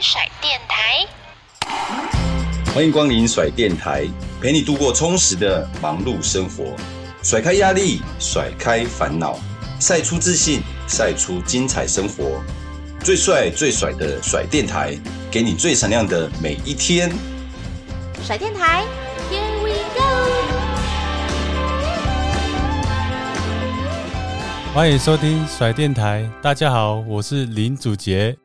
甩電台，歡迎光臨甩電台，陪你度過充實的忙碌生活，甩開壓力，甩開煩惱，晒出自信，曬出精彩生活。最帥最甩的甩電台，給你最閃亮的每一天。甩電台，Here we go！歡迎收聽甩電台，大家好，我是林祖杰。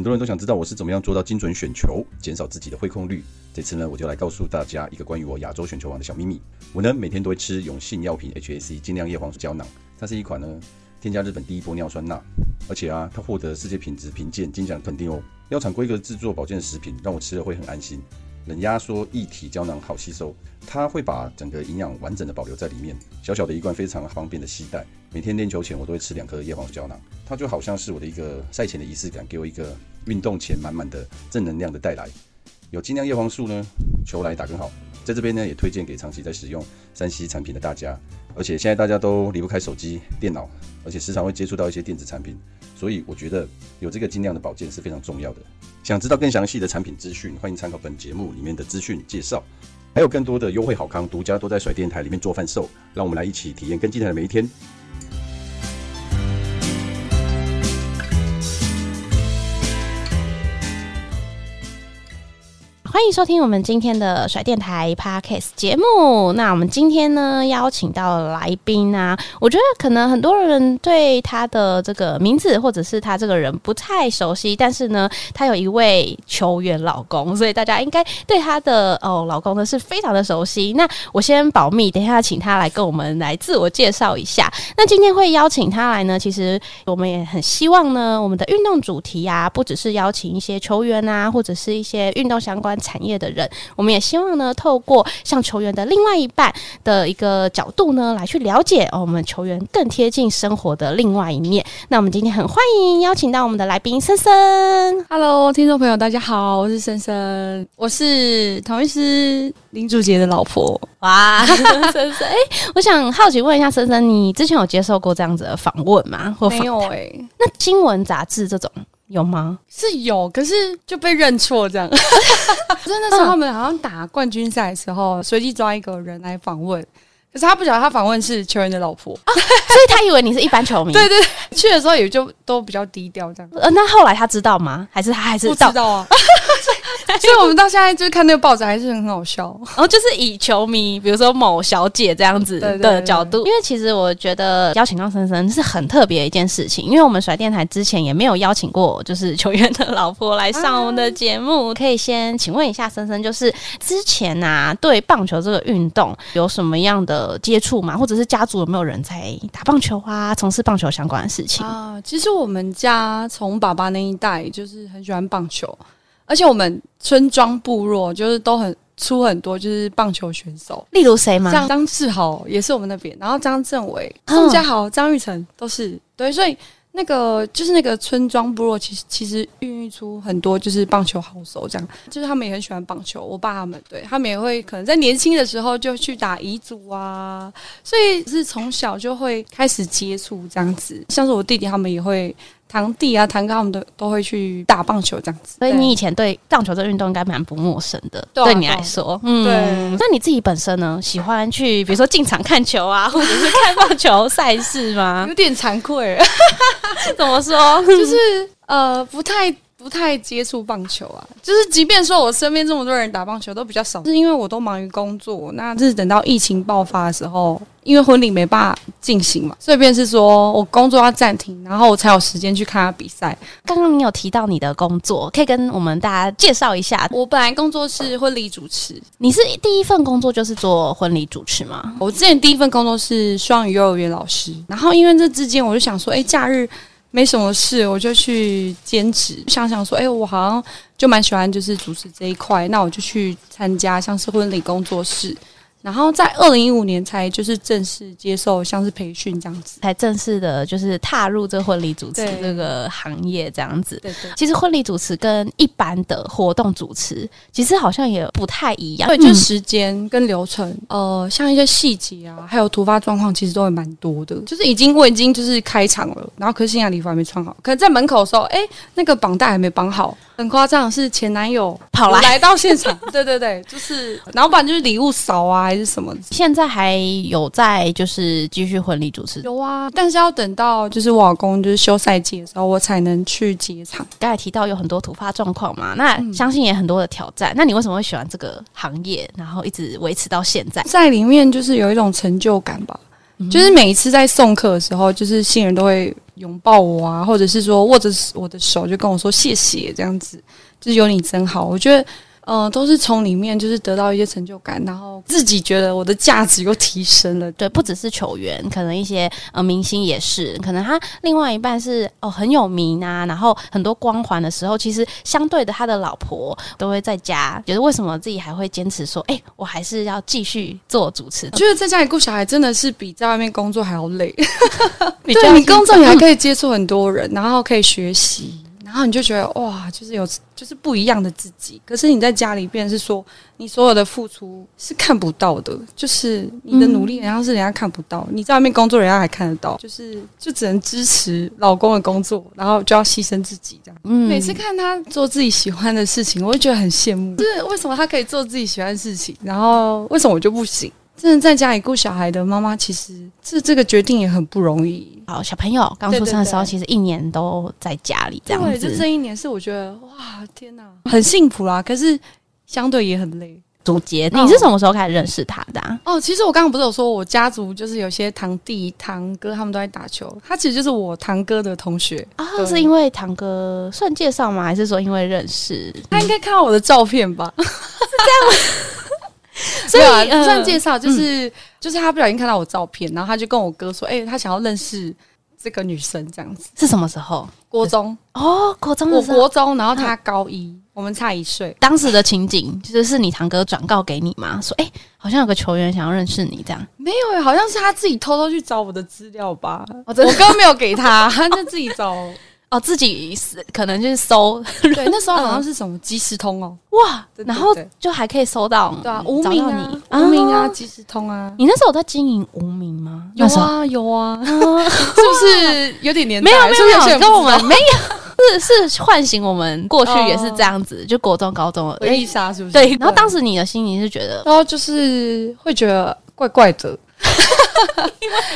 很多人都想知道我是怎麼樣做到精準選球，減少自己的揮空率。這次呢，我就來告訴大家一個關於我亞洲選球王的小祕密。我呢，每天都會吃永信藥品 HAC 晶亮葉黃素膠囊，它是一款呢添加日本第一玻尿酸鈉，而且啊，它獲得世界品質評鑑金獎肯定哦。藥廠規格製作保健的食品，讓我吃了會很安心。冷壓縮液體膠囊好吸收，它會把整個營養完整的保留在裡面。小小的一罐非常方便的攜帶。每天練球前我都會吃兩顆葉黃素膠囊，它就好像是我的一個賽前的儀式感，給我一個運動前滿滿的正能量的帶來。有晶亮葉黃素呢，球來打更好。在這邊呢，也推薦給長期在使用三 C 產品的大家。而且現在大家都離不開手機、電腦，而且時常會接觸到一些電子產品，所以我覺得有這個晶亮的保健是非常重要的。想知道更詳細的產品資訊，歡迎參考本節目裡面的資訊介紹。還有更多的優惠好康，獨家都在甩電台裡面做販售，讓我們來一起體驗更精彩的每一天。歡迎收聽我們今天的甩電台 Podcast 節目。那我們今天呢邀請到了來賓啊，我覺得可能很多人對他的這個名字或者是他這個人不太熟悉，但是呢，他有一位球員老公，所以大家應該對他的哦老公呢是非常的熟悉。那我先保密，等一下請他來跟我們來自我介紹一下。那今天會邀請他來呢，其實我們也很希望呢，我們的運動主題啊，不只是邀請一些球員啊，或者是一些運動相關的。產業的人，我們也希望呢，透過像球員的另外一半的一個角度呢，來去了解哦，我們球員更貼近生活的另外一面。那我們今天很歡迎邀請到我們的來賓森森。Hello，聽眾朋友，大家好，我是森森，我是統一獅林祖傑的老婆。哇，森 森、欸，我想好奇問一下森森，你之前有接受過這樣子的訪問嗎？或訪談？沒有哎、欸？那新聞雜誌這種。有嗎？是有，可是就被認錯這樣。 可是那時候他們好像打冠軍賽的時候，隨機抓一個人來訪問，可是他不曉得他訪問是球員的老婆。哦，所以他以為你是一般球迷。 對，對對，去的時候也就都比較低調這樣。呃，那後來他知道嗎？還是他還是不知道？啊？ 所以，我們到現在就是看那個報紙還是很好笑。然、哦、後就是以球迷，比如說某小姐這樣子的角度。對對對，因為其實我覺得邀請到森森是很特別的一件事情，因為我們甩電台之前也沒有邀請過，就是球員的老婆來上我們的節目、啊。可以先請問一下森森，就是之前吶、啊、對棒球這個運動有什麼樣的接觸嗎？或者是家族有沒有人在打棒球啊，從事棒球相關的事情啊？其實我們家從爸爸那一代就是很喜歡棒球。而且我們村莊部落就是都很出很多就是棒球選手，例如誰嗎？像張志豪也是我們那邊，然後張正偉、宋家豪、張育成都是對，所以那個就是那個村莊部落，其實其實孕育出很多就是棒球好手，這樣，就是他們也很喜歡棒球，我爸他們對他們也會可能在年輕的時候就去打乙組啊，所以是從小就會開始接觸這樣子，像是我弟弟他們也會。堂弟啊，堂哥，我們都都會去打棒球這樣子。所以你以前對棒球這運動應該蠻不陌生的，對啊、對你來說，對啊，嗯，對。那你自己本身呢，喜歡去，比如說進場看球啊， 或者是看棒球賽事嗎？ 有點慚愧， 怎麼說？ 就是呃，不太。不太接觸棒球啊，就是即便說，我身邊這麼多人打棒球都比較少，是因為我都忙於工作。那就是等到疫情爆發的時候，因為婚禮沒辦法進行嘛，所以便是說我工作要暫停，然後我才有時間去看他比賽。剛剛你有提到你的工作，可以跟我們大家介紹一下。我本來工作是婚禮主持，你是第一份工作就是做婚禮主持嗎？我之前第一份工作是雙語幼兒園老師，然後因為這之間我就想說，誒，假日。沒什麼事，我就去兼職。想想說，哎、欸，我好像就蠻喜歡，就是主持這一塊，那我就去參加，像是婚禮工作室。然後在二零一五年才就是正式接受像是培訓這樣子，才正式的就是踏入這婚禮主持這個行業這樣子。對對，對，其實婚禮主持跟一般的活動主持其實好像也不太一樣。對，就是、時間跟流程、嗯，呃，像一些細節啊，還有突發狀況，其實都還蠻多的、嗯。就是已經我已經就是開場了，然後可是新娘禮服還沒穿好，可是在門口的時候，哎、欸，那個綁帶還沒綁好。很誇張，是前男友跑來來到現場。 對對對，就是老板，就是禮物少啊，還是什麼？現在還有在就是繼續婚禮主持？有啊，但是要等到就是我老公就是休賽季的時候，我才能去接場。剛才提到有很多突發狀況嘛，那相信也很多的挑戰，嗯。那你為什麼會喜歡這個行業，然後一直維持到現在？在裡面就是有一種成就感吧。就是每一次在送客的時候，就是新人都會擁抱我啊，或者是說握着我的手，就跟我說謝謝這樣子，就是有你真好，我覺得。嗯、呃，都是從裡面就是得到一些成就感，然後自己覺得我的價值又提升了。對，不只是球員，可能一些呃明星也是。可能他另外一半是哦很有名啊，然後很多光環的時候，其實相對的他的老婆都會在家，覺得為什麼自己還會堅持說，哎、欸，我還是要繼續做主持？Okay. 覺得在家裡顧小孩真的是比在外面工作還要累。 你要 對你工作，你還可以接觸很多人， 然後可以學習。然後你就覺得哇，就是有就是不一樣的自己。可是你在家裡邊是說，你所有的付出是看不到的，就是你的努力，然後是人家看不到。你在外面工作，人家還看得到，就是就只能支持老公的工作，然後就要犧牲自己這樣。嗯，每次看他做自己喜歡的事情，我就覺得很羨慕。就是為什麼他可以做自己喜歡的事情，然後為什麼我就不行？真的在家裡顧小孩的媽媽，其實這這個決定也很不容易。好，小朋友剛出生的時候，對對對，其實一年都在家裡這樣子。對，這這一年是我覺得哇，天哪，啊，很幸福啦，啊。可是相對也很累。祖杰，哦，你是什麼時候開始認識他的啊？哦，其實我剛剛不是有說，我家族就是有些堂弟堂哥他們都在打球，他其實就是我堂哥的同學啊，哦。是因為堂哥算介紹嗎？還是說因為認識？嗯，他應該看到我的照片吧？ 是這樣 對啊，不算介紹，就是、嗯、就是他不小心看到我照片，然後他就跟我哥說：“哎、欸，他想要認識這個女生，這樣子。”是什麼時候？國中哦，國中，我國中，然後他高一，啊、我們差一歲。當時的情景就是你堂哥轉告給你嘛，說：“哎、欸，好像有個球員想要認識你這樣。”沒有、欸，好像是他自己偷偷去找我的資料吧、哦。我哥沒有給他， 他就自己找。哦，自己是可能就是搜，對， 那時候好像是什麼即時通哦，哇，然後就還可以搜到，對啊，無名啊，啊，無名啊，即時通啊，你那時候在經營無名嗎？有啊，有啊， 是不是有點年代 沒有？沒有，沒有，跟我們 沒有，是是喚醒我們過去也是這樣子，呃、就國中、高中而已，回憶殺是不是？對，然後當時你的心裡是覺得，然後就是會覺得怪怪的。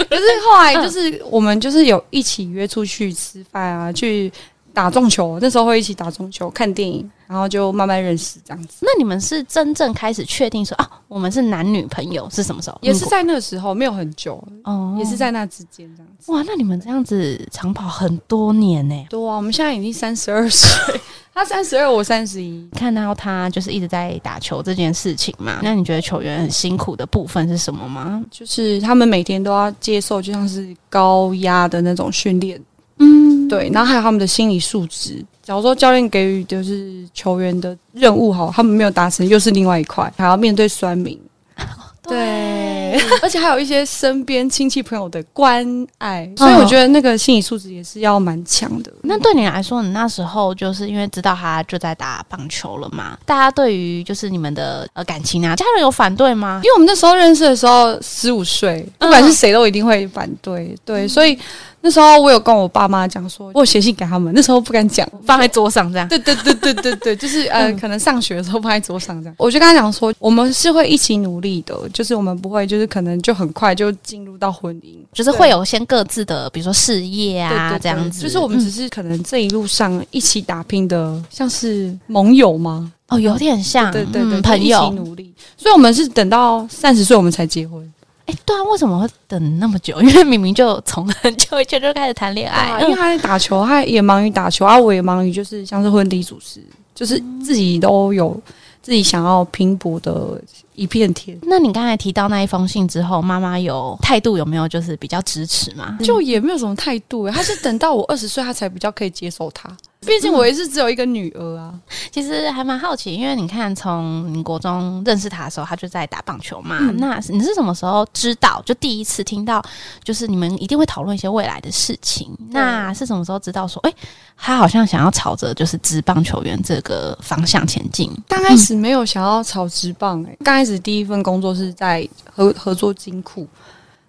可 是後來就是我們就是有一起約出去吃飯啊，去打撞球，那時候會一起打撞球，看電影，然後就慢慢認識這樣子。那你們是真正開始確定說啊，我們是男女朋友是什麼時候？也是在那個時候，沒有很久哦，也是在那之間這樣子。哇，那你們這樣子長跑很多年呢，欸？對啊，我們現在已經三十二歲。 他三十二，我三十一。看到他就是一直在打球這件事情嘛，那你覺得球員很辛苦的部分是什麼嗎？就是他們每天都要接受，就像是高壓的那種訓練。嗯，對。然後還有他們的心理素質。假如說教練給予就是球員的任務，哈，他們沒有達成，又是另外一塊，還要面對酸民。對。對 而且還有一些身邊親戚朋友的關愛，所以我覺得那個心理素質也是要蠻強的、嗯。那對你來說，你那時候就是因為知道他就在打棒球了嘛？大家對於就是你們的呃感情啊，家人有反對嗎？因為我們那時候認識的時候十五歲，不管是誰都一定會反對、嗯。對，所以那時候我有跟我爸媽講說，說我寫信給他們。那時候不敢講，放在桌上這樣。對 對對對對對，就是呃、 嗯，可能上學的時候放在桌上這樣。我就跟他講說，我們是會一起努力的，就是我們不會就是。可能就很快就進入到婚姻，就是會有先各自的，比如說事業啊，對對對，這樣子。就是我們只是可能這一路上一起打拼的，嗯、像是盟友嗎？哦，有點像，嗯、對對對，朋、嗯、友一起努力。所以我們是等到三十歲我們才結婚。哎、欸，對啊，為什麼會等那麼久？因為明明就從很久以前就開始談戀愛、啊，因為他在打球，他也忙於打球啊，我也忙於就是像是婚禮主持，就是自己都有。嗯自己想要拼搏的一片天。那你剛才提到那一封信之後，媽媽有態度有沒有？就是比較支持嗎、嗯？就也沒有什麼態度哎、欸，她是等到我二十歲，她 才比較可以接受他。畢竟我也是只有一個女兒啊。嗯、其實還蠻好奇，因為你看，從你國中認識她的時候，她就在打棒球嘛、嗯。那你是什麼時候知道？就第一次聽到，就是你們一定會討論一些未來的事情、嗯。那是什麼時候知道說，誒、欸，她好像想要朝着就是職棒球員這個方向前進？剛開始沒有想要朝職棒、欸，誒、嗯，剛開始第一份工作是在合合作金庫，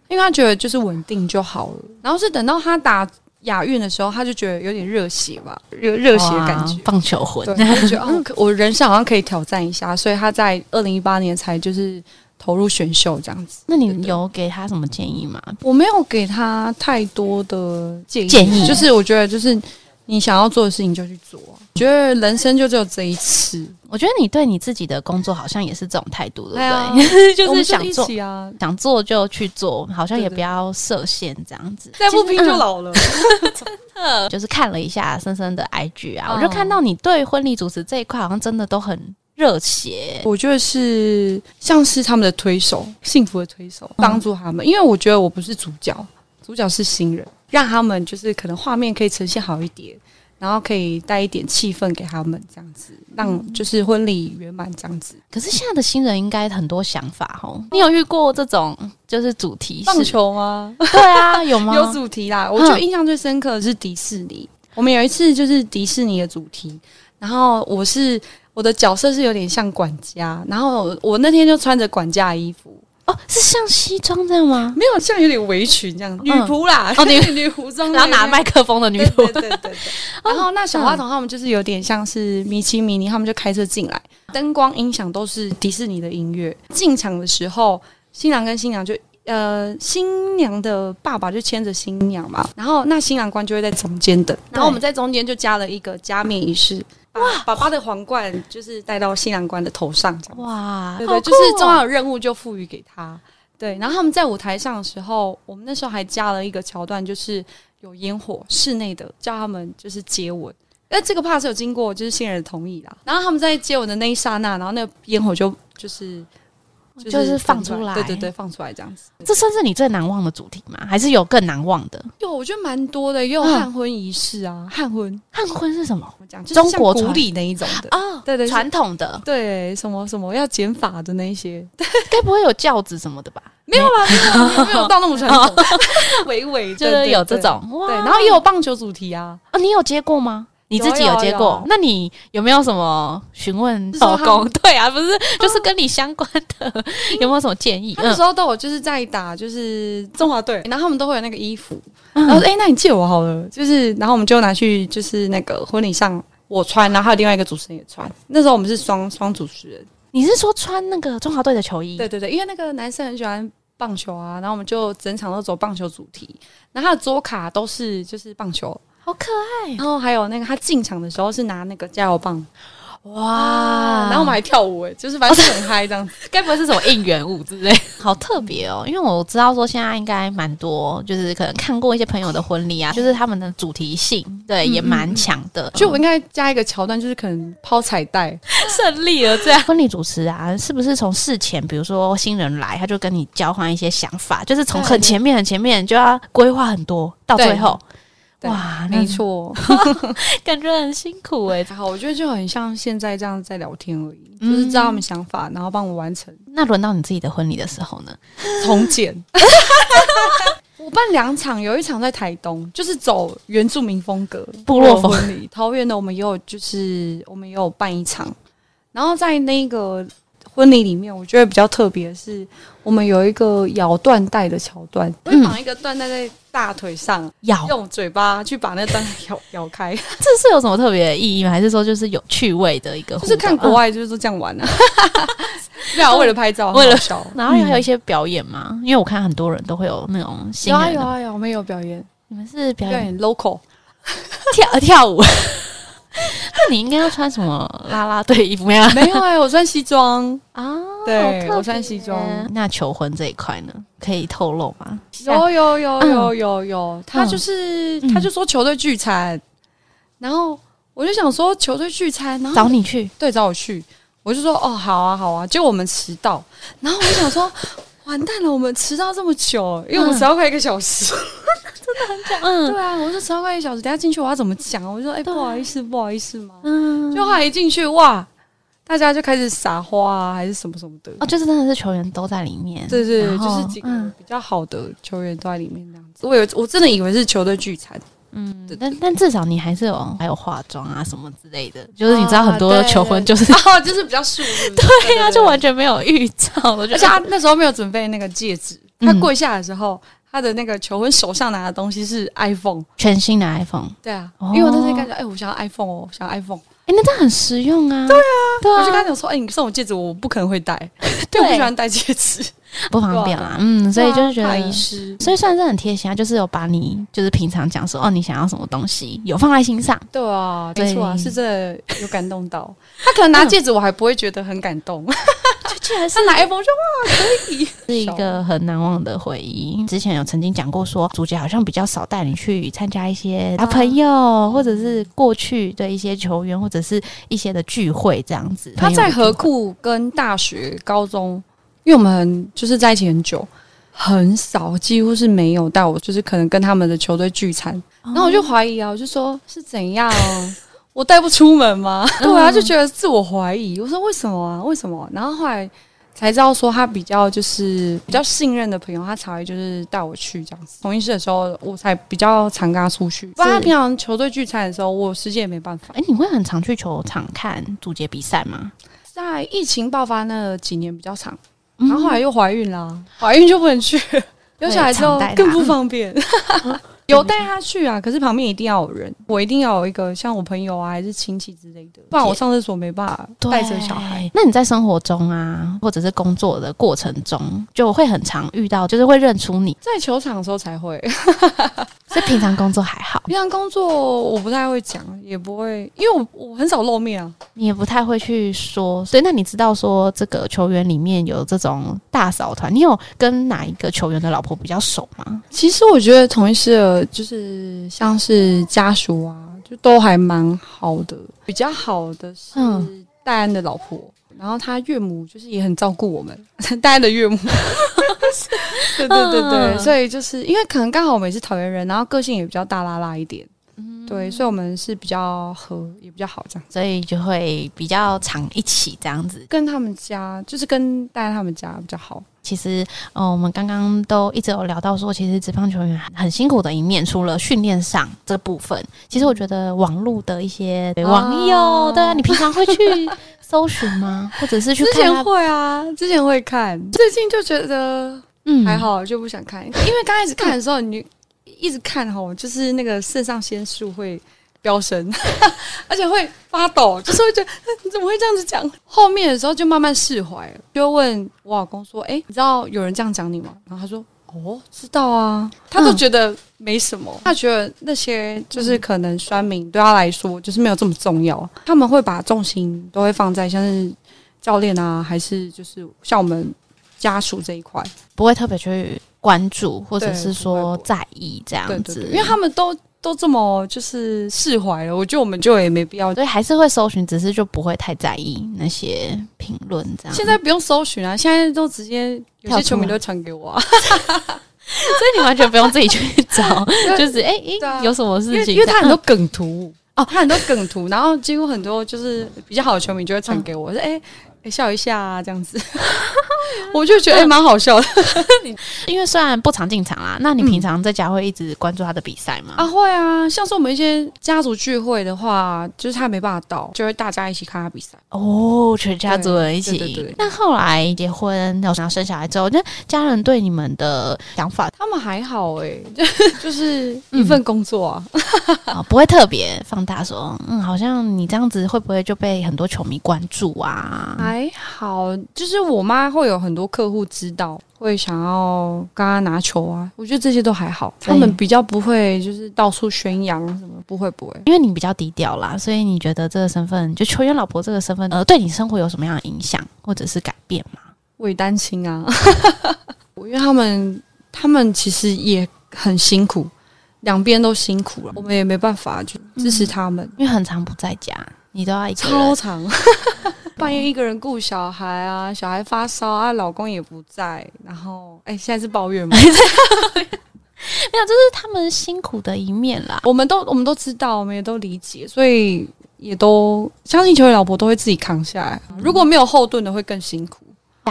因為她覺得就是穩定就好了。然後是等到她打。亞運的時候，他就覺得有點熱血吧，熱熱血的感覺，棒球魂。他覺得、哦、我人生好像可以挑戰一下，所以他在二零一八年才就是投入選秀這樣子。那你有給他什麼建議嗎？我沒有給他太多的建議，建議就是我覺得就是。你想要做的事情就去做，我覺得人生就只有這一次。我覺得你對你自己的工作好像也是這種態度，對不對？哎、就是 想做、啊、想做就去做，好像也不要設限這樣子對對對。再不拼就老了，嗯、 真的。就是看了一下森森的 IG 啊，我就看到你對婚禮主持這一塊好像真的都很熱血。Oh. 我覺得是像是他們的推手，幸福的推手，幫、嗯、助他們。因為我覺得我不是主角，主角是新人。讓他們就是可能畫面可以呈現好一點，然後可以帶一點氣氛給他們，這樣子讓就是婚禮圓滿這樣子。可是現在的新人應該很多想法哦，你有遇過這種就是主題是棒球嗎？對啊， 有嗎？有主題啦！我就印象最深刻的是迪士尼，我們有一次就是迪士尼的主題，然後我是我的角色是有點像管家，然後我那天就穿着管家的衣服。哦，是像西裝這樣嗎？沒有，像有點圍裙這樣子，女僕啦，哦、嗯，女女僕裝，然後拿麥克風的女僕，對對對，對，對。哦、 然後那小花童他們就是有點像是米奇米妮、嗯，他們就開車進來，燈光音響都是迪士尼的音樂。進場的時候，新郎跟新娘就。呃，新娘的爸爸就牽着新娘嘛，然後那新郎官就會在中間等。然後我們在中間就加了一個加冕儀式，哇，把爸爸的皇冠就是戴到新郎官的頭上這樣。哇，對不對、哦，就是重要的任務就賦予給他。對，然後他們在舞台上的時候，我們那時候還加了一個橋段，就是有煙火室內的叫他們就是接吻。那、呃、這個怕是有經過就是新人的同意啦。然後他們在接吻的那一剎那，然後那個煙火就就是。就是、就是放出來，對，對對對，放出來這樣子。這算是你最難忘的主題嗎？還是有更難忘的？有，我覺得蠻多的。也有漢婚儀式啊，漢、嗯、婚，漢婚是什麼？中國、就是、古理那一種的啊、哦，對對，對，傳統的，對、欸、什麼什麼要剪髮的那一些，該不會有轎子、子什麼的吧？沒有啊， 沒有到那麼傳統，微 微 就是有這種，對，對，對，對然，然後也有棒球主題啊，啊、呃，你有接過嗎？你自己有接過有有有有？那你有沒有什麼詢問老公？對啊，不是、嗯，就是跟你相關的有沒有什麼建議？那時候都我就是在打就是中華隊，然後他們都會有那個衣服，嗯、然後哎、欸，那你借我好了，就是然後我們就拿去就是那個婚禮上我穿，然後還有另外一個主持人也穿。那時候我們是雙雙主持人。你是說穿那個中華隊的球衣？對對對，因為那個男生很喜歡棒球啊，然後我們就整場都走棒球主題，然後他的桌卡都是就是棒球。好可愛，然、哦、後還有那個他進場的時候是拿那個加油棒，哇！啊、然後我們還跳舞誒，就是反正很嗨這樣子，該 不會是什麼應援物舞之類？好特別哦，因為我知道說現在應該蠻多，就是可能看過一些朋友的婚禮啊，就是他們的主題性對嗯嗯也蠻強的。就我應該加一個橋段，就是可能拋彩帶 勝利了這樣，啊。婚禮主持啊，是不是從事前，比如說新人來，他就跟你交換一些想法，就是從很前面很前面就要規劃很多，到最後。哇，沒錯、哦，感覺很辛苦哎。 好，我覺得就很像現在這樣在聊天而已，嗯、就是知道他們想法，然後幫我們完成。那輪到你自己的婚禮的時候呢？從簡， 我辦兩場，有一場在台東，就是走原住民風格、部落風婚禮。桃園的我們也有，就是我們也有辦一場，然後在那個。婚禮裡面，我覺得比較特別的是我們有一個咬緞帶的橋段，綁一個緞帶在大腿上，咬、嗯、用嘴巴去把那斷咬 咬開，這是有什麼特別的意義嗎？還是說就是有趣味的一個？就是看國外就是說這樣玩啊，嗯、 為，我為了拍照，為了笑。然後也還有一些表演嘛、嗯，因為我看很多人都會有那種有啊有啊有，我們有表演，你們是表演，表演 local 跳跳舞。 那 你應該要穿什麼啦啦隊衣服呀？拉拉沒有哎、欸，我穿西裝啊、哦。對，我穿西裝。那求婚這一塊呢，可以透露嗎？有、啊、有有、嗯、有有有，他就是、嗯、他就說球隊聚餐、嗯，然後我就想說球隊聚餐，然後找你去，對，找我去，我就說哦，好啊，好啊，就我們遲到，然後我就想說。 完蛋了！我們遲到這麼久，因為我們遲到快一個小時，嗯、 真的很假。嗯，對啊，我說遲到快一個小時，等一下進去我要怎麼講？我就說哎、欸，不好意思，不好意思嘛嗯。就後來一進去哇，大家就開始撒花啊，還是什麼什麼的哦，就是真的是球員都在裡面，對對、對，就是幾個比較好的球員都在裡面，那樣子，我有我真的以為是球隊聚餐。嗯，對對對，但但至少你還是有還有化妝啊什麼之類的，就是你知道很多求婚就是、啊對對對就是、 哦，就是比較素，對呀，就完全沒有預兆，而且他那時候沒有準備那個戒指， 他跪下的時候，他的那個求婚手上拿的東西是 iPhone 全新的 iPhone，對啊、哦，因為我在那時感覺哎，我想要 iPhone 哦，想要 iPhone。哎、欸，那這很實用啊！對啊，對啊，我就剛剛講說，哎、欸，你送我戒指，我不可能會戴，對， 對，我不喜歡戴戒指，不方便啦，嗯，所以就是覺得怕遺失，所以算是很貼心啊，就是有把你就是平常講說哦，你想要什麼東西，有放在心上，對啊，沒錯啊，是這有感動到， 他可能拿戒指，我還不會覺得很感動。 居然是、啊、他來一說哇，可以， 是一個很難忘的回憶。之前有曾經講過說，說祖傑好像比較少帶你去參加一些老朋友、啊，或者是過去的一些球員，或者是一些的聚會這樣子。他在合庫跟大學、高中，嗯、因為我們很就是在一起很久，很少，幾乎是沒有帶我，就是可能跟他們的球隊聚餐、嗯。然後我就懷疑啊，我就說是怎樣。 我帶不出門嗎？嗯、對啊，他就覺得自我懷疑。我說為什麼啊？為什麼、啊？然後後來才知道說他比較就是比較信任的朋友，他才會就是帶我去這樣子。統一獅的時候，我才比較常跟他出去。不然平常球隊聚餐的時候，我時間也沒辦法。哎、欸，你會很常去球場看祖傑比賽嗎？在疫情爆發那幾年比較常，然後後來又懷孕了，懷、嗯、孕就不能去，有小孩之後更不方便。嗯 有帶他去啊，可是旁邊一定要有人，我一定要有一個像我朋友啊，還是親戚之類的，不然我上廁所沒辦法帶着小孩。那你在生活中啊，或者是工作的過程中，就會很常遇到，就是會認出你？在球場的時候才會。 在平常工作還好，平常工作我不太會講，也不會，因為我我很少露面啊，你也不太會去說。所以，那你知道說這個球員裡面有這種大嫂團，你有跟哪一個球員的老婆比較熟嗎？其實我覺得同一事就是像是家屬啊，就都還蠻好的，嗯，比較好的是戴安的老婆。然後他岳母就是也很照顧我們，大家的岳母， 對對對對，所以就是因為可能剛好我們也是桃園人，然後個性也比較大啦啦一點，嗯、對，所以我們是比較和也比較好這樣，所以就會比較常一起這樣子，跟他們家就是跟大家他們家比較好。其實，呃，我們剛剛都一直有聊到說，其實職棒球員很辛苦的一面，除了訓練上這部分，其實我覺得網絡的一些對網友、哦，對啊，你平常會去。 搜尋嗎？或者是去看？之前會啊，之前會看，最近就覺得嗯還好，就不想看，嗯、因為剛開始看的時候，嗯、你一直看齁，就是那個腎上腺素會飆升， 而且會發抖，就是會覺得你怎麼會這樣子講？後面的時候就慢慢釋懷了，就問我老公說：“哎、欸，你知道有人這樣講你嗎？”然後他說。哦，知道啊，他都覺得沒什麼，嗯、他覺得那些就是可能酸民、嗯、對他來說就是沒有這麼重要，他們會把重心都會放在像是教練啊，還是就是像我們家屬這一塊，不會特別去關注或者是說在意這樣子，對，不會不會，對對對，因為他們都。都這麼就是釋懷了，我覺得我們就也沒必要，對，還是會搜尋，只是就不會太在意那些評論這樣。現在不用搜尋啊，現在都直接有些球迷都傳給我、啊， 所以你完全不用自己去找，就、就是哎哎、欸欸啊、有什麼事情，因為，因為他很多梗圖哦、啊，他很多梗圖，然後幾乎很多就是比較好的球迷就會傳給我，說、嗯、哎、欸欸、笑一下、啊、這樣子。 我就覺得欸、蠻好笑的。 因為雖然不常進場啦、啊，那你平常在家會一直關注他的比賽嗎、嗯？啊，會啊。像是我們一些家族聚會的話，就是他沒辦法到，就會大家一起看他比賽。哦，全家族人一起。對對，對，對。那後來結婚，然後生小孩之後，那家人對你們的想法，他們還好哎、欸，就是、 就是一份工作啊， 嗯、不會特別放大說，嗯，好像你這樣子會不會就被很多球迷關注啊？還好，就是我媽會有。很多客戶知道會想要跟他拿球啊，我覺得這些都還好，他們比較不會就是到處宣揚什麼，不會不會，因為你比較低調啦。所以你覺得這個身份就球員老婆這個身份，呃，對你生活有什麼樣的影響或者是改變嗎？會擔心啊，我 因為他們他們其實也很辛苦，兩邊都辛苦了，嗯，我們也沒辦法去支持他們，嗯，因為很常不在家。你都要一個人超長， 半夜一個人顧小孩啊，小孩發燒啊，老公也不在，然後哎、欸，現在是抱怨嗎？ 沒有，這是他們辛苦的一面啦。我們都我們都知道，我們也都理解，所以也都相信，球員老婆都會自己扛下來。嗯、如果沒有後盾的，會更辛苦。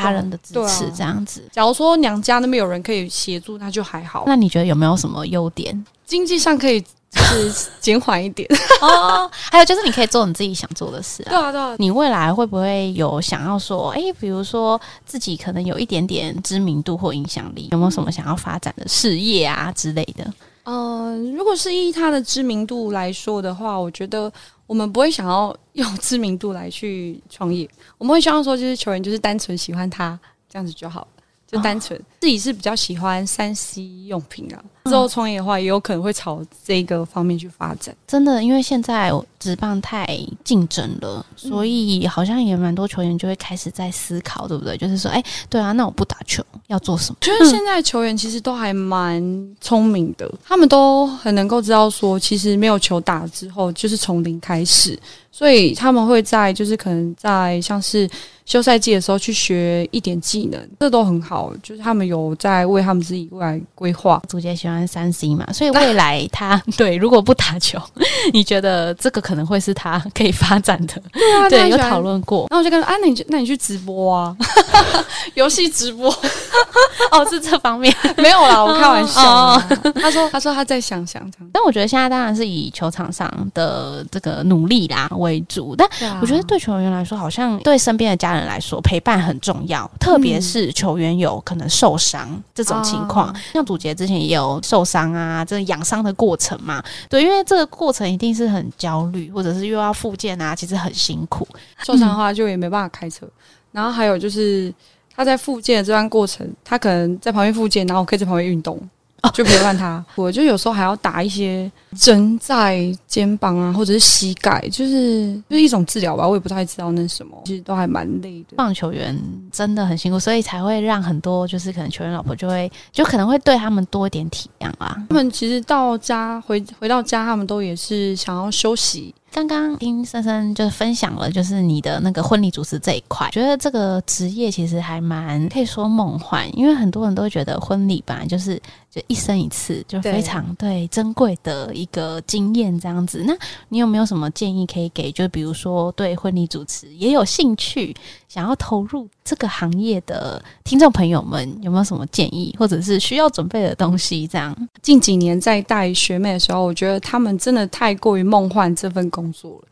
家人的支持這樣子，啊、假如說娘家那邊有人可以協助，那就還好。那你覺得有沒有什麼優點？嗯、經濟上可以就是減緩一點 哦，哦。還有就是你可以做你自己想做的事啊。 對啊，對啊。啊、你未來會不會有想要說，誒、欸，比如說自己可能有一點點知名度或影響力，有沒有什麼想要發展的事業啊之類的？嗯、呃，如果是依他的知名度來說的話，我覺得我們不會想要用知名度來去創業，我們會希望說，就是球員就是單純喜歡他這樣子就好，就單純。啊自己是比較喜歡三 C 用品啊，之後創業的話，也有可能會朝這個方面去發展，嗯。真的，因為現在職棒太競爭了，所以好像也蠻多球員就會開始在思考，對不對？就是說，哎，欸，對啊，那我不打球要做什麼？就是現在球員其實都還蠻聰明的，嗯，他們都很能夠知道說，其實沒有球打之後就是從零開始，所以他們會在就是可能在像是休賽季的時候去學一點技能，這都很好。就是他們有。有在為他們自己未來規劃，祖傑喜歡 3C 嘛？所以未來他、啊、對如果不打球，你覺得這個可能會是他可以發展的？啊、對，有討論過。那我就跟他說：“啊，那你就那你去直播啊，遊 戲直播 哦，是這方面 沒有了。”我開玩笑。他說：“ 他說他在想想。”但我覺得現在當然是以球場上的這個努力啦為主。但、啊、我覺得對球員來說，好像對身邊的家人來說陪伴很重要，嗯、特別是球員有可能受傷。傷這種情況、嗯，像祖傑之前也有受傷啊，這個養傷的過程嘛，對，因為這個過程一定是很焦慮，或者是又要復健啊，其實很辛苦。受傷的話就也沒辦法開車，嗯、然後還有就是他在復健的這段過程，他可能在旁邊復健，然後我可以在旁邊運動。 就陪伴他，我就有時候還要打一些針在肩膀，啊，或者是膝蓋，就是就是一種治療吧。我也不太知道那是什麼，其實都還蠻累的。棒球員真的很辛苦，所以才會讓很多就是可能球員老婆就會就可能會對他們多一點體諒啊。他們其實到家回回到家，他們都也是想要休息。剛剛聽森森就是分享了，就是你的那個婚禮主持這一塊，覺得這個職業其實還蠻可以說夢幻，因為很多人都覺得婚禮本來就是就一生一次，就非常對珍貴的一個經驗這樣子。那你有沒有什麼建議可以給？就比如說對婚禮主持也有興趣？想要投入這個行業的聽眾朋友們，有沒有什麼建議，或者是需要準備的東西？這樣，近幾年在帶學妹的時候，我覺得他們真的太過於夢幻這份工作了。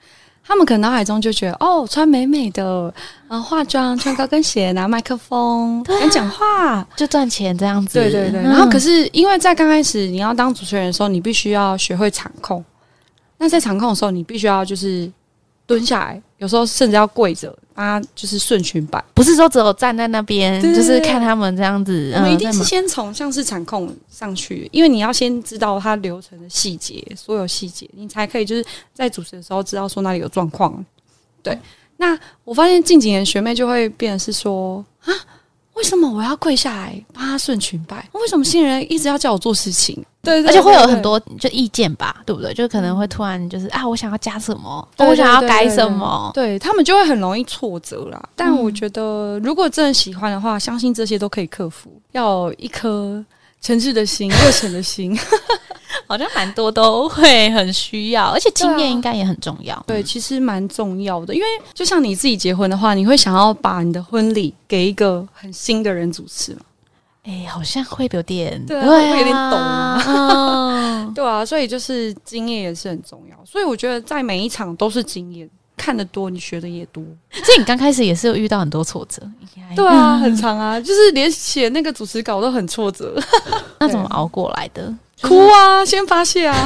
他們可能腦海中就覺得，哦，穿美美的，然、呃、化妝，穿高跟鞋， 拿麥克風，啊、敢講話就賺錢這樣子。對對對。嗯、然後可是，因為在剛開始你要當主持人的時候，你必須要學會場控。那在場控的時候，你必須要就是蹲下來。 有時候甚至要跪着，幫他就是順裙擺，不是說只有站在那邊，就是看他們這樣子。我一定是先從像是場控上去，嗯，因為你要先知道他流程的細節，所有細節，你才可以就是在主持的時候知道說哪裡有狀況。對，那我發現近幾年學妹就會變得是說啊，為什麼我要跪下來幫他順裙擺？為什麼新人一直要叫我做事情？對，對，而且會有很多就意見吧，對不對？就可能會突然就是啊，我想要加什麼，對對對對對對對我想要改什麼，對，他們就會很容易挫折啦。但我覺得、嗯，如果真的喜歡的話，相信這些都可以克服。要有一顆誠摯的心、 熱忱的心， 好像蠻多都會很需要，而且經驗應該也很重要。對、啊對，其實蠻重要的、嗯，因為就像你自己結婚的話，你會想要把你的婚禮給一個很新的人主持嗎？哎、欸，好像會有點，對、啊，對啊、有點懂啊，哦、 對啊，所以就是經驗也是很重要。所以我覺得在每一場都是經驗，看得多，你學的也多。所以你剛開始也是有遇到很多挫折，對啊，嗯、很常啊，就是連寫那個主持稿都很挫折。那怎麼熬過來的？ 對 哭啊，先發洩啊，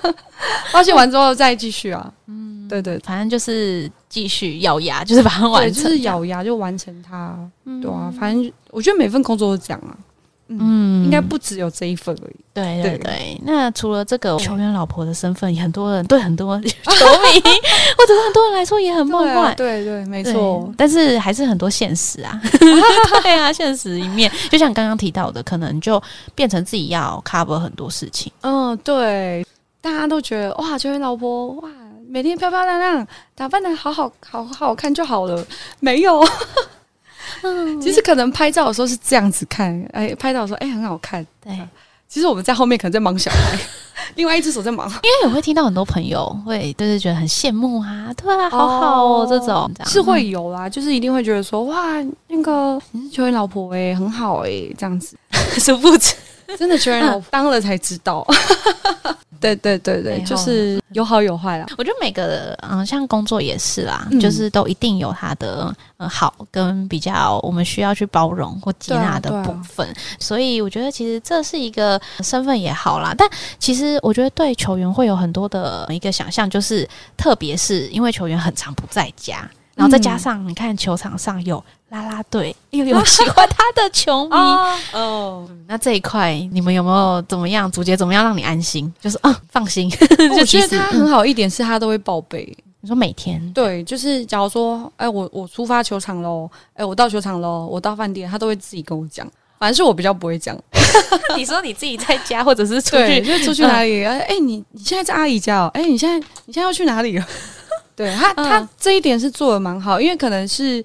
發洩完之後再繼續啊。嗯，對對，對，反正就是。繼續咬牙，就是把它完成；就是、咬牙就完成它、嗯，對啊。反正我覺得每份工作都這樣啊，嗯，應該不只有這一份而已。嗯、對對對，對。那除了這個球員老婆的身份，很多人對很多球迷、啊、 或者是很多人來說也很夢幻。對，啊、對，對對，沒錯。但是還是很多現實啊。啊 對啊，現實一面。就像剛剛提到的，可能就變成自己要 cover 很多事情。嗯，對。大家都覺得哇，球員老婆哇。每天漂漂亮亮，打扮的好好好好，好看就好了，沒有。嗯， 其實可能拍照的時候是這樣子看，哎、欸，拍照的時候哎、欸、很好看。對、呃，其實我們在後面可能在忙小孩， 另外一隻手在忙。因為我會聽到很多朋友會對是覺得很羨慕啊，對啊、哦，好好、喔、這種這是會有啦、啊，就是一定會覺得說哇，那個、嗯、你是球員老婆哎、欸，很好哎、欸，這樣子，殊不知真的球員老婆、 嗯、當了才知道。 對對對對、欸，就是有好有壞啦。我覺得每個嗯，像工作也是啦，嗯、就是都一定有它的嗯、呃、好跟比較，我們需要去包容或接納的部分。所以我覺得其實這是一個身份也好啦，但其實我覺得對球員會有很多的一個想象，就是特別是因為球員很常不在家，然後再加上你看球場上有。啦啦隊，又有喜歡他的球迷 哦，哦、嗯。那這一塊，你們有沒有怎麼樣？祖傑怎麼樣讓你安心？就是啊、嗯，放心。 我覺得他很好一點是，他都會報備、嗯。你說每天，對，就是假如說，哎、欸，我我出發球場嘍，哎、欸，我到球場嘍，我到飯店，他都會自己跟我講。反正是我比較不會講。 你說你自己在家，或者是出去對，就出去哪裡？哎、嗯，欸，你你現在在阿姨家哦。哎、欸，你現在你現在要去哪裡了？ 對他、嗯、他這一點是做得蠻好，因為可能是。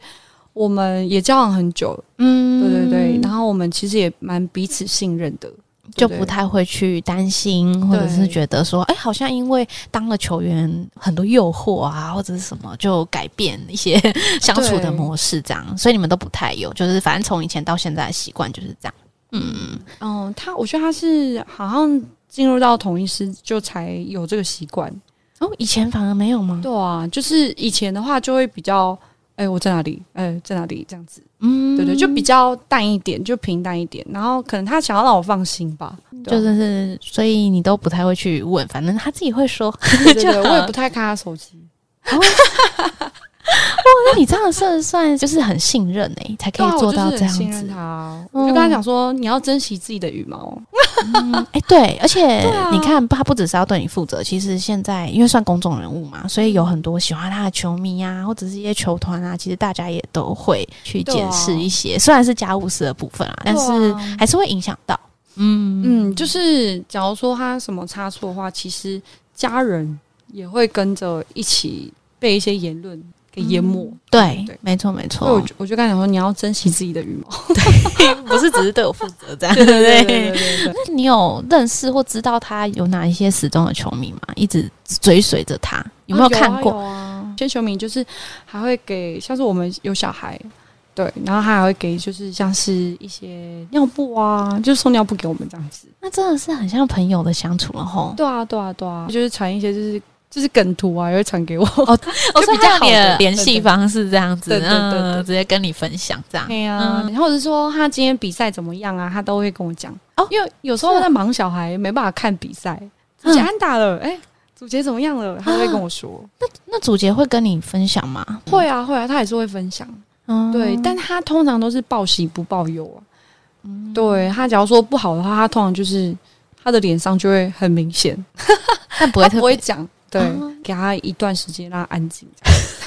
我們也交往很久了，嗯，對對對，然後我們其實也蠻彼此信任的，就不太會去擔心，或者是覺得說，哎、欸，好像因為當了球員，很多誘惑啊，或者是什麼，就改變一些相處的模式這樣，所以你們都不太有，就是反正從以前到現在的習慣就是這樣。嗯嗯，哦，他，我覺得他是好像進入到統一獅就才有這個習慣，哦，以前反而沒有嗎？嗯、對啊，就是以前的話就會比較。哎、欸，我在哪裡？哎、欸，在哪裡？這樣子，嗯，對，對對，就比較淡一點，就平淡一點。然後可能他想要讓我放心吧，嗯對啊，就，就是，所以你都不太會去問，反正他自己會說。 對對，對，我也不太看他手機。 oh? 哇，那你這樣算算就是很信任哎、欸，才可以做到這樣子。好、啊啊嗯，就剛才講說，你要珍惜自己的羽毛。哎、嗯欸，對，而且、啊、你看，他不只是要對你負責，其實現在因為算公眾人物嘛，所以有很多喜歡他的球迷啊，或者是一些球團啊，其實大家也都會去檢視一些、啊，雖然是家務事的部分啊，但是還是會影響到。啊、嗯嗯，就是假如說他什麼差錯的話，其實家人也會跟着一起被一些言論。淹沒、嗯、對，對，沒錯沒錯。我就我就剛才講說，你要珍惜自己的羽毛， 對，不是只是對我負責這樣， 對，對，對，對，對，對，對對對。 那你有認識或知道他有哪一些死忠的球迷嗎？一直追隨着他、啊，有沒有看過？這些、啊啊、球迷就是還會給，像是我們有小孩，對，然後他還會給，就是像是一些尿布啊，就是送尿布給我們這樣子。那真的是很像朋友的相處了吼。對啊對啊對啊，就是傳一些就是。就是梗圖啊，也會傳給我哦，是 比較好的聯繫、哦、方式這樣子，對對，對，對，對，對，對，對，對對，直接跟你分享這樣。對啊，然後是說他今天比賽怎麼樣啊，他都會跟我講哦。因為有時候在忙小孩，沒辦法看比賽。嗯、祖傑安打了，哎、欸，祖傑怎麼樣了？他都會跟我說。啊、那那祖傑會跟你分享嗎、嗯？會啊，會啊，他也是會分享。嗯，對，但他通常都是報喜不報憂啊。嗯，對，他假如說不好的話，他通常就是他的臉上就會很明顯，嗯、 他不會他不會講。對、啊，給他一段時間讓他安靜，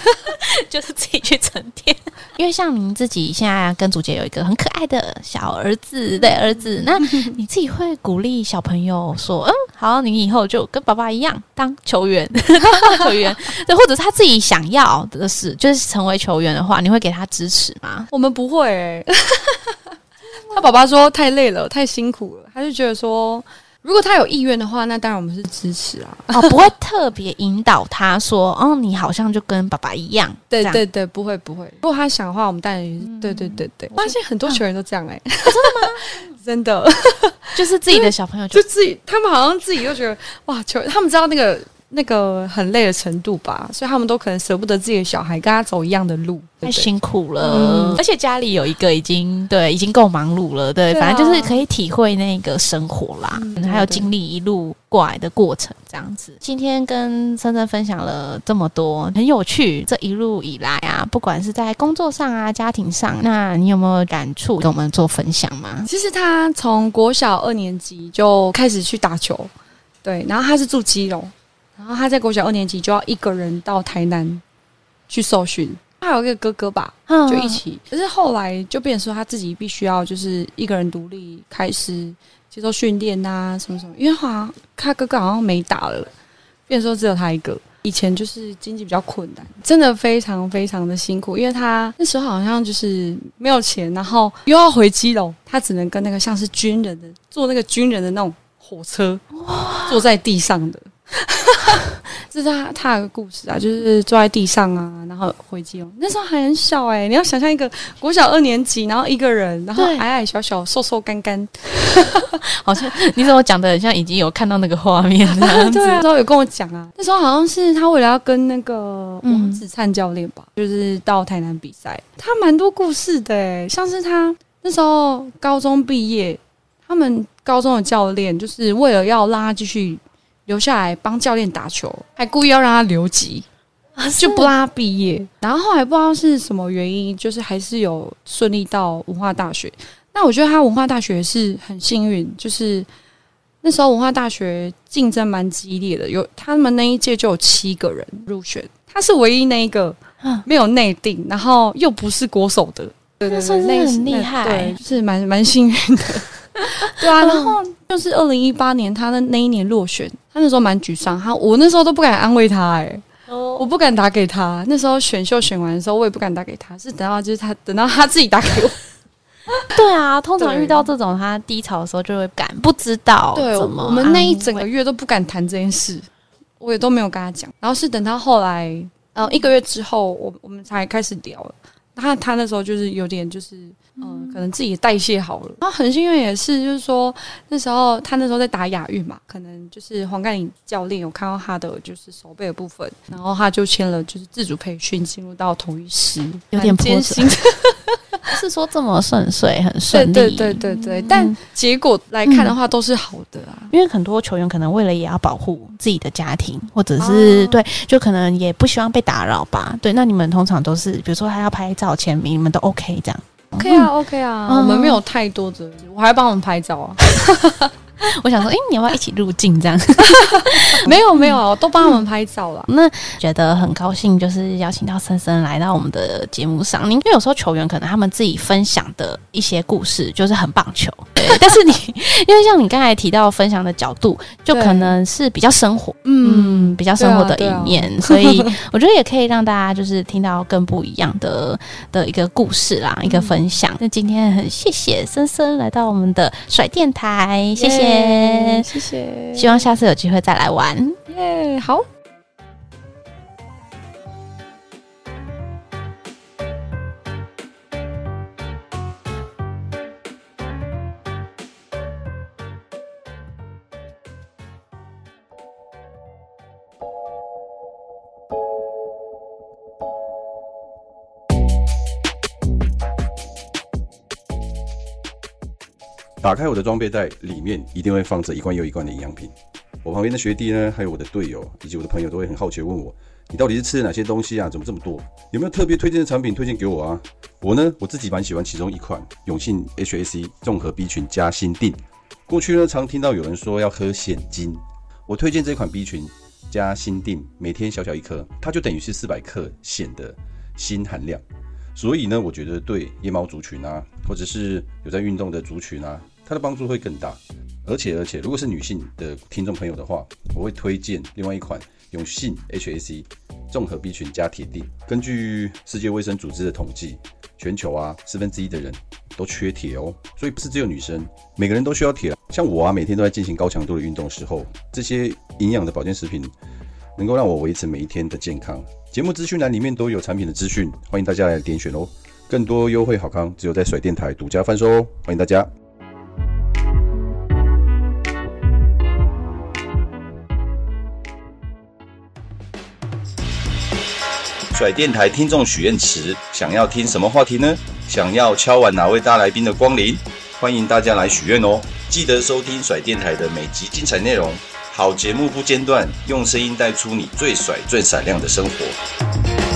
就是自己去沉澱。 因為像您自己現在跟祖傑有一個很可愛的小兒子，嗯、對兒子，那你自己會鼓勵小朋友說：“嗯，好，你以後就跟爸爸一樣當球員，當球員。 球員” 對，或者是他自己想要的是，就是成為球員的話，你會給他支持嗎？我們不會、欸。 他爸爸說太累了，太辛苦了，他就覺得說。如果他有意願的話，那當然我們是支持啊，哦、不會特別引導他說， 哦，你好像就跟爸爸一樣，對，這樣，對對對，不會不會。如果他想的話，我們當然，嗯、對對對對，我發現很多球員都這樣哎、欸啊，真的嗎？ 真的，就是自己的小朋友，就自己，他們好像自己就覺得 哇，球員，他們知道那個。那個很累的程度吧，所以他們都可能捨不得自己的小孩跟他走一樣的路，對對，太辛苦了、嗯。而且家裡有一個已經，對，已經夠忙碌了，對、對、啊，反正就是可以體會那個生活啦，嗯、可能還有經歷一路過來的過程這樣子。對對對，今天跟森森分享了這麼多，很有趣。這一路以來啊，不管是在工作上啊、家庭上，那你有沒有感觸，跟我們做分享嗎？其實他從國小二年級就開始去打球，對，然後他是住基隆。然後他在國小二年級就要一個人到台南去受訓，他有一個哥哥吧、嗯，就一起。可是後來就變成說他自己必須要就是一個人獨立開始接受訓練啊，什麼什麼。因為好像他哥哥好像沒打了，變成說只有他一個。以前就是經濟比較困難，真的非常非常的辛苦。因為他那時候好像就是沒有錢，然後又要回基隆，他只能跟那個像是軍人的坐那個軍人的那種火車，坐在地上的。哈哈，這是他他有個故事啊，就是坐在地上啊，然後回擊哦。那時候還很小哎、欸，你要想象一個國小二年級，然後一個人，然後矮矮小小，瘦瘦乾乾， 好像你怎麼講的，很像已經有看到那個畫面那樣子。那時候有跟我講啊，那時候好像是他為了要跟那個王子燦教練吧、嗯，就是到台南比賽，他蠻多故事的哎、欸，像是他那時候高中畢業，他們高中的教練就是為了要拉繼續，留下來幫教練打球，還故意要讓他留級，就不讓他畢業。然後後來不知道是什麼原因，就是還是有順利到文化大學。那我覺得他文化大學是很幸運，就是那時候文化大學競爭蠻激烈的，有他們那一屆就有七個人入選，他是唯一那一個沒有內定，然後又不是國手的，對對對那算是很厲害，對，就是蠻蠻幸運的。 對啊，然後就是二零一八年他的那一年落選，他那時候蠻沮喪，他我那時候都不敢安慰他，欸，哎、oh.，我不敢打給他，那時候選秀選完的時候，我也不敢打給他，是等到就是他等到他自己打給我。 對啊，通常遇到這種他低潮的時候就會不敢，不知道怎麼，對我，我們那一整個月都不敢談這件事，我也都沒有跟他講，然後是等到後來，呃、oh.，一個月之後，我我們才開始聊了。他他那時候就是有點就是嗯、呃，可能自己代謝好了。然後很幸運也是，就是說那時候他那時候在打亞運嘛，可能就是黃甘霖教練有看到他的就是手背的部分，然後他就簽了就是自主培訓，進入到統一獅，有點艱辛。 是說這麼順遂，很順利，對對對對，對、嗯、但結果來看的話都是好的啊、嗯嗯。因為很多球員可能為了也要保護自己的家庭，或者是、哦、對，就可能也不希望被打擾吧。對，那你們通常都是，比如說他要拍照簽名，你們都 OK 這樣，嗯？OK 啊 OK 啊、嗯，我們沒有太多的，我還要幫我們拍照啊。 我想說，誒、欸，你要不要一起入鏡這樣？ 沒有沒有、啊、我都幫他們拍照了，嗯嗯。那覺得很高興，就是邀請到森森來到我們的節目上。因為有時候球員可能他們自己分享的一些故事就是很棒球，對。 但是你因為像你剛才提到分享的角度，就可能是比較生活，嗯，嗯比較生活的一面，啊啊，所以我覺得也可以讓大家就是聽到更不一樣的的一個故事啦， 一個分享。那、嗯、今天很謝謝森森來到我們的甩電台，謝謝。Yeah! 欸、謝謝，希望下次有機會再來玩。耶，好。打開我的裝備袋，裡面一定會放着一罐又一罐的營養品。我旁邊的學弟呢，還有我的隊友以及我的朋友，都會很好奇問我：你到底是吃了哪些東西啊？怎麼這麼多？有沒有特別推薦的產品推薦給我啊？我呢，我自己蠻喜歡其中一款永信 HAC 綜合 B 群加鋅錠。過去呢，常聽到有人說要喝蜆精，我推薦這款 B 群加鋅錠，每天小小一顆，它就等於是四百克蜆的鋅含量。所以呢，我覺得對夜貓族群啊，或者是有在運動的族群啊，它的幫助會更大。而且，而且，如果是女性的聽眾朋友的話，我會推薦另外一款永信 HAC 綜合 B 群加鐵錠。根據世界衛生組織的統計，全球啊，四分之一的人都缺鐵哦。所以不是只有女生，每個人都需要鐵。像我啊，每天都在進行高強度的運動時候，這些營養的保健食品。能夠讓我維持每一天的健康。節目資訊欄裡面都有產品的資訊，歡迎大家來點選哦。更多優惠好康，只有在甩電台獨家販售哦。歡迎大家。甩電台聽眾許願池，想要聽什麼話題呢？想要敲碗哪位大來賓的光臨？歡迎大家來許願哦。記得收聽甩電台的每集精彩內容。好節目不間斷，用聲音帶出你最甩、最閃亮的生活。